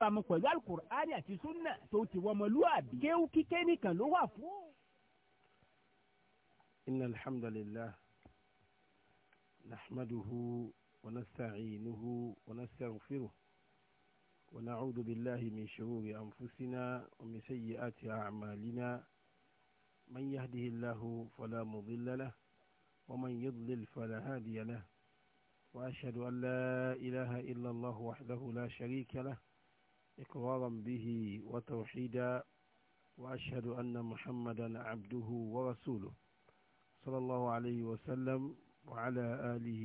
bámu pẹ̀lú alukur'ani àti sunna tó ti wọ́n mọ́lúwàbí kéwú kíké nìkan ló wà fún. inna alhamdulillah nahmaduhu wa nasta'inuhu wa nastaghfiruh wa na'udhu billahi min shururi anfusina wa min sayyiati a'malina man yahdihillahu fala mudilla lahu wa man yudlil fala hadiya lahu wa ashhadu an la ilaha illa allah wahdahu la sharika lahu إقرارا به وتوحيدا وأشهد أن محمدا عبده ورسوله صلى الله عليه وسلم وعلى آله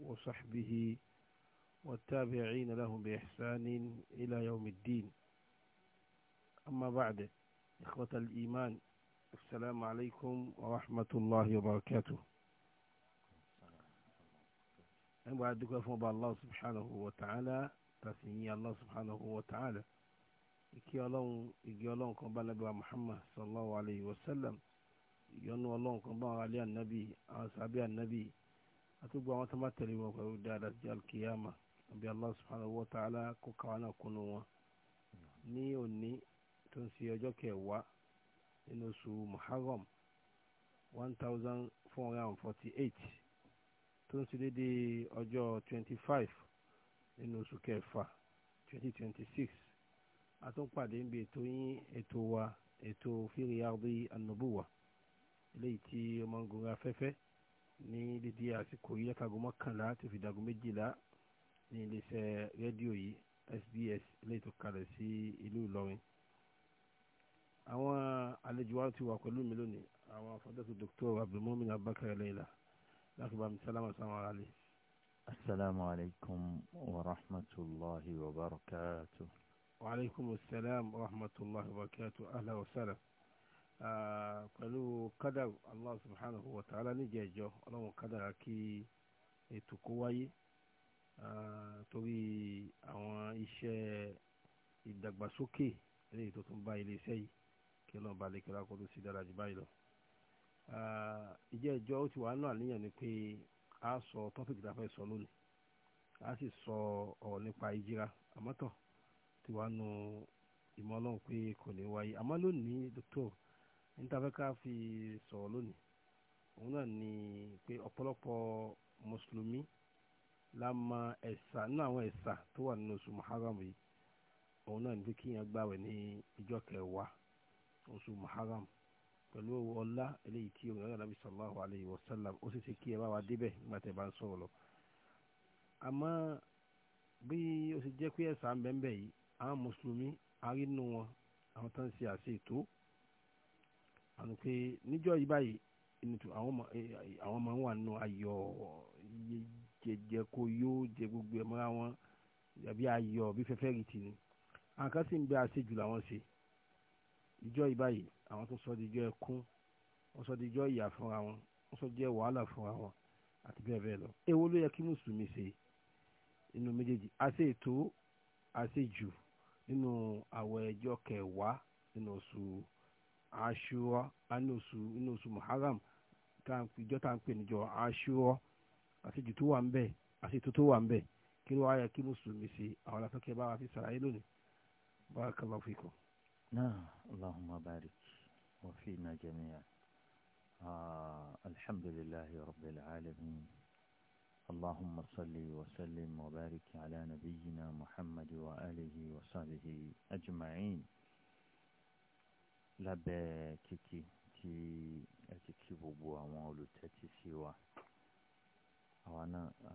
وصحبه والتابعين لهم بإحسان إلى يوم الدين أما بعد إخوة الإيمان السلام عليكم ورحمة الله وبركاته أنا بعد ذكر الله سبحانه وتعالى tàfi yín Allah subhanahu wa ta'ala ìkí ọlọ́run ìgé ọlọ́run kan bá nàbí wa Muhammad sallallahu alayhi wa sallam ìyọnu ọlọ́run kan bá wọn alẹ́ ànábì àwọn sábẹ́ ànábì àtúgbò àwọn tó bá tẹ̀lé wọn pẹ̀lú dáadáa sí alkiyama àbí Allah subhanahu wa ta'ala kó káwọn náà kúnnú wọn ní òní tó ń ṣe ọjọ́ kẹwàá nínú oṣù Muharram one thousand four hundred and forty eight tó ń ṣe déédéé ọjọ́ twenty five nínú oṣù kẹfà twenty twenty six àtúnpàdé ń bi ètò yín ètò wa ètò fíríyàrí ànàbùwà eléyìí tí ọmọ ń gun afẹ́fẹ́ ní dídí àsìkò yìí látago mọ́kànlá tó fi dago méjìlá ní iléeṣẹ́ rédíò yìí SBS eléyìí tó kalẹ̀ sí ìlú Ìlọrin àwọn àlejò wa ti wà pẹ̀lú mi lónìí àwọn afọ́dọ́tò Dr. Abdulmumin Abubakar Leila láti bá mi sálámà sáwọn aráàlú. السلام عليكم ورحمة الله وبركاته وعليكم السلام ورحمة الله وبركاته أهلا وسهلا pẹ̀lú kádàr allah subhanahu wa ta'ala níjẹ̀jọ́ ọlọ́run kádàrà kí ètò kó wáyé torí àwọn iṣẹ́ ìdàgbàsókè eléyìí tó tún bá iléeṣẹ́ yìí kí ọlọ́run bá lè kíra kó tó sì dára jù báyìí lọ. Ah, ìjẹ́jọ́ ó ti wà nù àníyàn ni pé a sọ tọ́pìkì tá a fẹ́ sọ lónìí a sì sọ ọ̀rọ̀ nípa ìjìra àmọ́tọ̀ tí wàá nu ìmọ̀ ọlọ́run pé kò ní wáyé àmọ́ lónìí dókítọ̀ nítafẹ́ká fi sọ̀rọ̀ lónìí òun náà ni pé ọ̀pọ̀lọpọ̀ mùsùlùmí la mọ ẹ̀sà nínú àwọn ẹ̀sà tó wà nínú oṣù muharram yìí òun náà ni pé kíyàn gbàwẹ̀ ní ìjọ kẹwàá oṣù muharram pẹ̀lú owó ọlá eléyìí tí òmìnira nàbí sallallahu alayhi wa sallam ó sì ṣe kí ẹ bá wa débẹ̀ nígbà tẹ́ bá ń sọ̀rọ̀ lọ. àmọ́ bí ó ṣe jẹ́ pé ẹ̀sà ń bẹ́ẹ̀ yìí àwọn mùsùlùmí arínú wọn àwọn tó ń ṣe àṣẹ ètò àwọn pé níjọ́ yìí báyìí àwọn máa ń eh, wà nínú ayọ̀ jẹjẹ kó yóò jẹ gbogbo ẹ̀mọ́ra wọn tàbí ayọ̀ bí fẹ́fẹ́ rìtì ni àwọn kan sì ń bẹ àṣejù làwọn ṣe ìjọ ìbáyìí àwọn tó sọ di ìjọ ẹkún wọ́n sọ di ìjọ ìyà fúnra wọn wọ́n sọ di ìjọ wàhálà fúnra wọn àti bẹ́ẹ̀ bẹ́ẹ̀ lọ. èwo ló yẹ kí mùsùlùmí ṣe nínú méjèèjì àṣe ètò àṣe jù nínú àwọ̀ ẹjọ́ kẹwàá nínú oṣù aṣúrọ́ nínú oṣù nínú oṣù muharram ìjọ tá à ń pè níjọ aṣúrọ́ àṣe jù tó wà ń bẹ àṣe ètò tó wà ń bẹ kí ló wá kí mùsùlùmí ṣe àwọn aláfẹ́kẹ́ bá wa fi ṣàlàyé lónìí barakallahu fikum. نعم اللهم بارك وفينا جميعا آه الحمد لله رب العالمين اللهم صل وسلم وبارك على نبينا محمد وآله وصحبه أجمعين lábẹ́ kíkí tí ẹ ti kí gbogbo àwọn olùtẹ́tí sí wa àwa náà a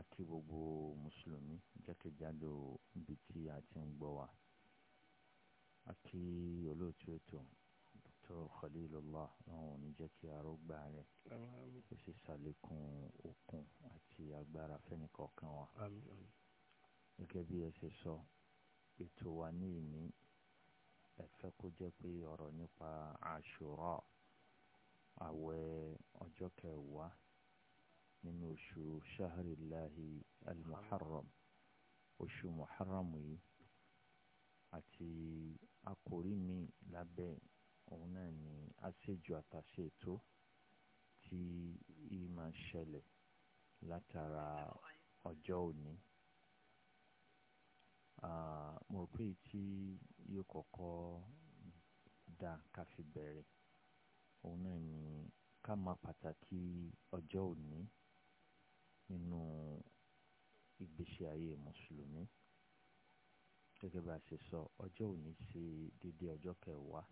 àti gbogbo mùsùlùmí jákèjádò ibi tí a ti ń gbọ́ wa àti olóòtú ètò dr khalilullah àwọn ò ní jẹ́ kí arógbá rẹ̀ ó sì ṣàlékún okun àti agbára fẹ́nìkọ̀ọ̀kan wa gẹ́gẹ́ bí ẹ ṣe sọ ètò wa ní ìní ẹ fẹ́ kó jẹ́ pé ọ̀rọ̀ nípa àṣùrọ̀ àwẹ̀ ọjọ́ kẹwàá nínú oṣù shahrilahi al-muharram oṣù muharram yìí àti àkòrí mi lábẹ́ òun náà ni àṣejù àtàṣe ètò tí yìí máa ń ṣẹlẹ̀ látara ọjọ́ òní. mo rò pé tí yóò kọ́kọ́ dá ká bẹ̀rẹ̀ òun náà ni ká máa pàtàkì ọjọ́ òní nínú ìgbésí ayé mùsùlùmí gẹ́gẹ́ bá a ṣe sọ ọjọ́ òní ṣe déédéé ọjọ́ kẹwàá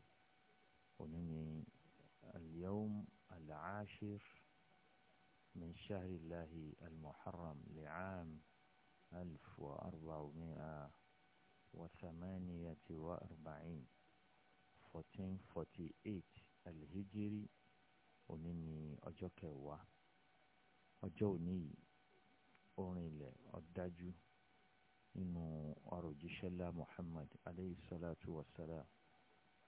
òní ni al-yawm al-ashir min shahri lahi al-muharram li'am alf wa arba'umi'a wa thamaniyati wa arba'in fourteen forty eight al òní ni ọjọ́ kẹwàá ọjọ́ òní yìí orin ilẹ̀ ọ̀dájú nínú ọ̀rọ̀ òjíṣẹ́ ńlá Muhammad aleyhi salatu wa salam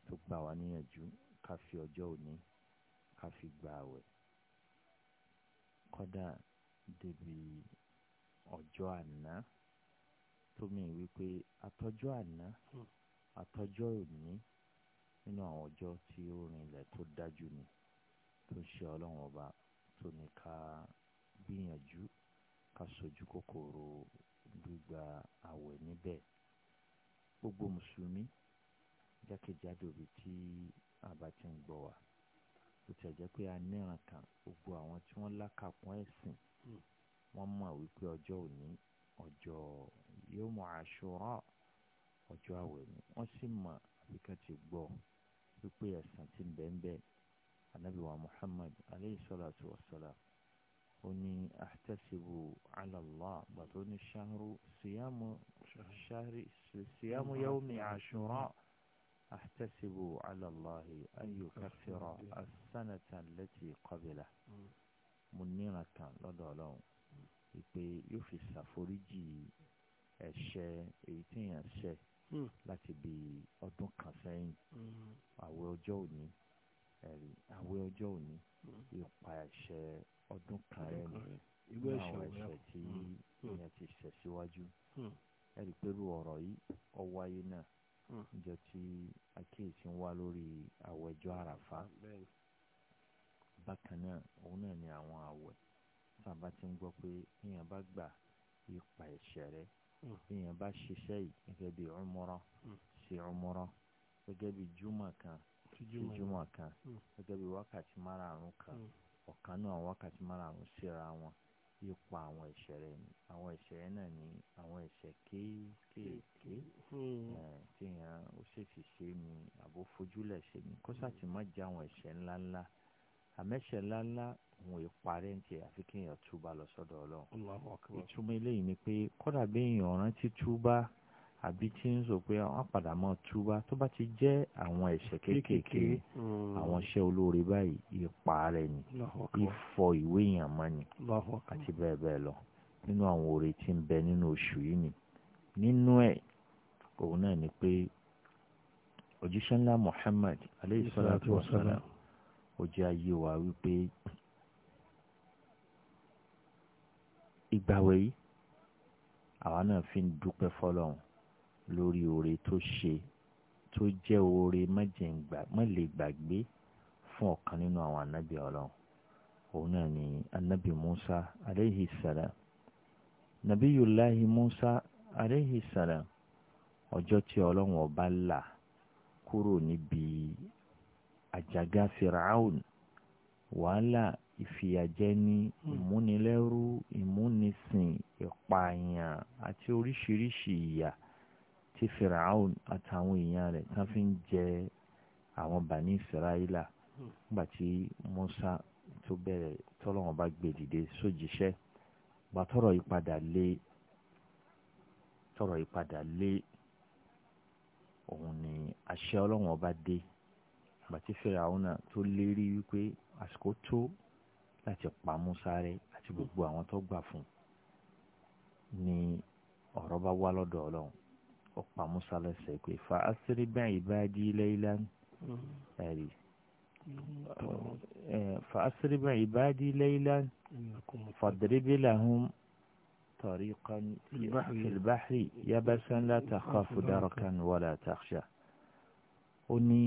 tó gbà wá níyànjú ká fi ọjọ́ òní ká fi gbà àwẹ̀ kọ́dà débi ọjọ́ àná tómi wípé àtọ́jọ́ àná hmm. àtọ́jọ́ òní nínú àwọn ọjọ́ tí ó rinlẹ̀ tó dájú ni tó ń ṣe ọlọ́run ọba tó ní ká gbìyànjú ká sojú kòkòrò gbígba àwẹ̀ níbẹ̀ gbogbo mùsùlùmí jákèjádò ibi tí a bá ti ń gbọ́ wa bó tilẹ̀ jẹ́ pé a níran kan gbogbo àwọn tí wọ́n lákàkún ẹ̀sìn hmm. wọ́n mọ̀ wípé ọjọ́ òní ọjọ́ yawmu Ashura ọjọ́ àwẹ̀ ni wọ́n sì mọ̀ àbíká ti gbọ́ wípé ẹ̀sìn ti bẹ́ẹ̀ bẹ́ẹ̀ anabiwa Muhammad aleyhi salatu wa salam ó ní ahtasibu ala Allah gbàtó ní ṣáhru síyámù ṣáhri síyámù yawmi àṣùrọ̀ ahtasibu ala Allah an yukaffira as-sanata allati qabila mm. mo níra kan lọ́dọ̀ ọlọ́run ìpè yóò fi ṣàforíjì ẹ̀ṣẹ̀ èyí tí mm. kan sẹ́yìn mm. àwẹ̀ ọjọ́ òní ẹ̀rí àwẹ̀ ọjọ́ òní ìpàṣẹ hmm. ọdún kan rẹ̀ ni àwọn ẹ̀ṣẹ̀ tí hmm. Hmm. ìyẹn ti ṣẹ̀ síwájú ẹ̀rí pẹ̀lú ọ̀rọ̀ yìí ọwáyé náà níjọ́ tí àkíyèsí ń wá lórí àwẹ̀ ọjọ́ àràfá bákan náà òun náà ni àwọn àwẹ̀ sábà ti ń gbọ́ pé èèyàn bá gbà ipa ẹ̀ṣẹ̀ rẹ̀ èèyàn bá ṣiṣẹ́ yìí gẹ́gẹ́ bí umura sí umura gẹ́gẹ́ bí júmọ̀ kan síjúmọ̀ kan hmm. gẹ́gẹ́ bí wákàtí márààrún kan hmm. ọ̀kan náà wákàtí márààrún síra wọn ipa àwọn ìṣẹ̀lẹ̀ àwọn ìṣẹ̀lẹ̀ náà ni àwọn ẹ̀ṣẹ̀ kéékèèké hmm. téèyàn ó ṣèṣì ṣe ni àbò fojúlẹ̀ ṣe ni kọ́sà tí má jẹ́ àwọn ẹ̀ṣẹ̀ ńláńlá àmẹ́ṣẹ̀ ńláńlá òun ìparẹ́ ń tiẹ̀ àfi kéèyàn túbà lọ sọ́dọ̀ ọlọ́run ìtumọ̀ eléyìí ni pé kọ́dà bí èèyàn rántí túbà àbí tí ń sọ pé wọ́n padà mọ́ túbá tó bá ti jẹ́ àwọn ẹ̀ṣẹ̀ kéékèèké hmm. àwọn iṣẹ́ olóore báyìí ipa rẹ̀ ni ìfọ ìwé yàn mọ́ ni àti bẹ́ẹ̀ bẹ́ẹ̀ lọ nínú àwọn oore tí ń bẹ nínú oṣù yìí ni nínú ẹ̀ òun náà ni pé òjíṣẹ́ ńlá Muhammad aleyhi salatu wa salam ayé wa wípé ìgbàwẹ̀ yìí àwa náà fi ń dúpẹ́ fọlọ́run lórí oore tó ṣe tó jẹ́ oore má lè gbàgbé fún ọ̀kan nínú àwọn ànábì ọlọ́run òun náà ni ànábì Musa aleyhi salam nabiyulahi Musa aleyhi salam ọjọ́ tí ọlọ́run ọba là kúrò níbi àjàgà firaun wàhálà ìfìyàjẹni hmm. ìmúnilẹ́rú ìmúnisìn ìpààyàn àti oríṣiríṣi ìyà tí firaun àtàwọn èèyàn rẹ̀ tán fi ń jẹ àwọn bani israẹla nígbà tí musa tó bẹ̀rẹ̀ tọ́lọ́wọ́n bá gbé dìde sójíṣẹ́ gba tọ́rọ̀ yìí padà lé tọ́rọ̀ yìí padà lé òun ni àṣẹ ọlọ́wọ́n bá dé ìgbà tí firaun náà tó lérí wípé àsìkò tó láti pa musa rẹ́ àti gbogbo àwọn tó gbà fún ni ọ̀rọ̀ bá wá lọ́dọ̀ ọlọ́run ó pa musa lẹ́sẹ̀ pé fa asiri bẹ́ẹ̀ ìbáàdí lẹ́yìnlá ẹ̀rí fa asiri bẹ́ẹ̀ ìbáàdí lẹ́yìnlá fàdérébé làwọn tọ̀ríkọ́ ìbáhìrì yabasa ńlá tàkàfù dárọ̀kan wọlé àtàkṣà ó ní.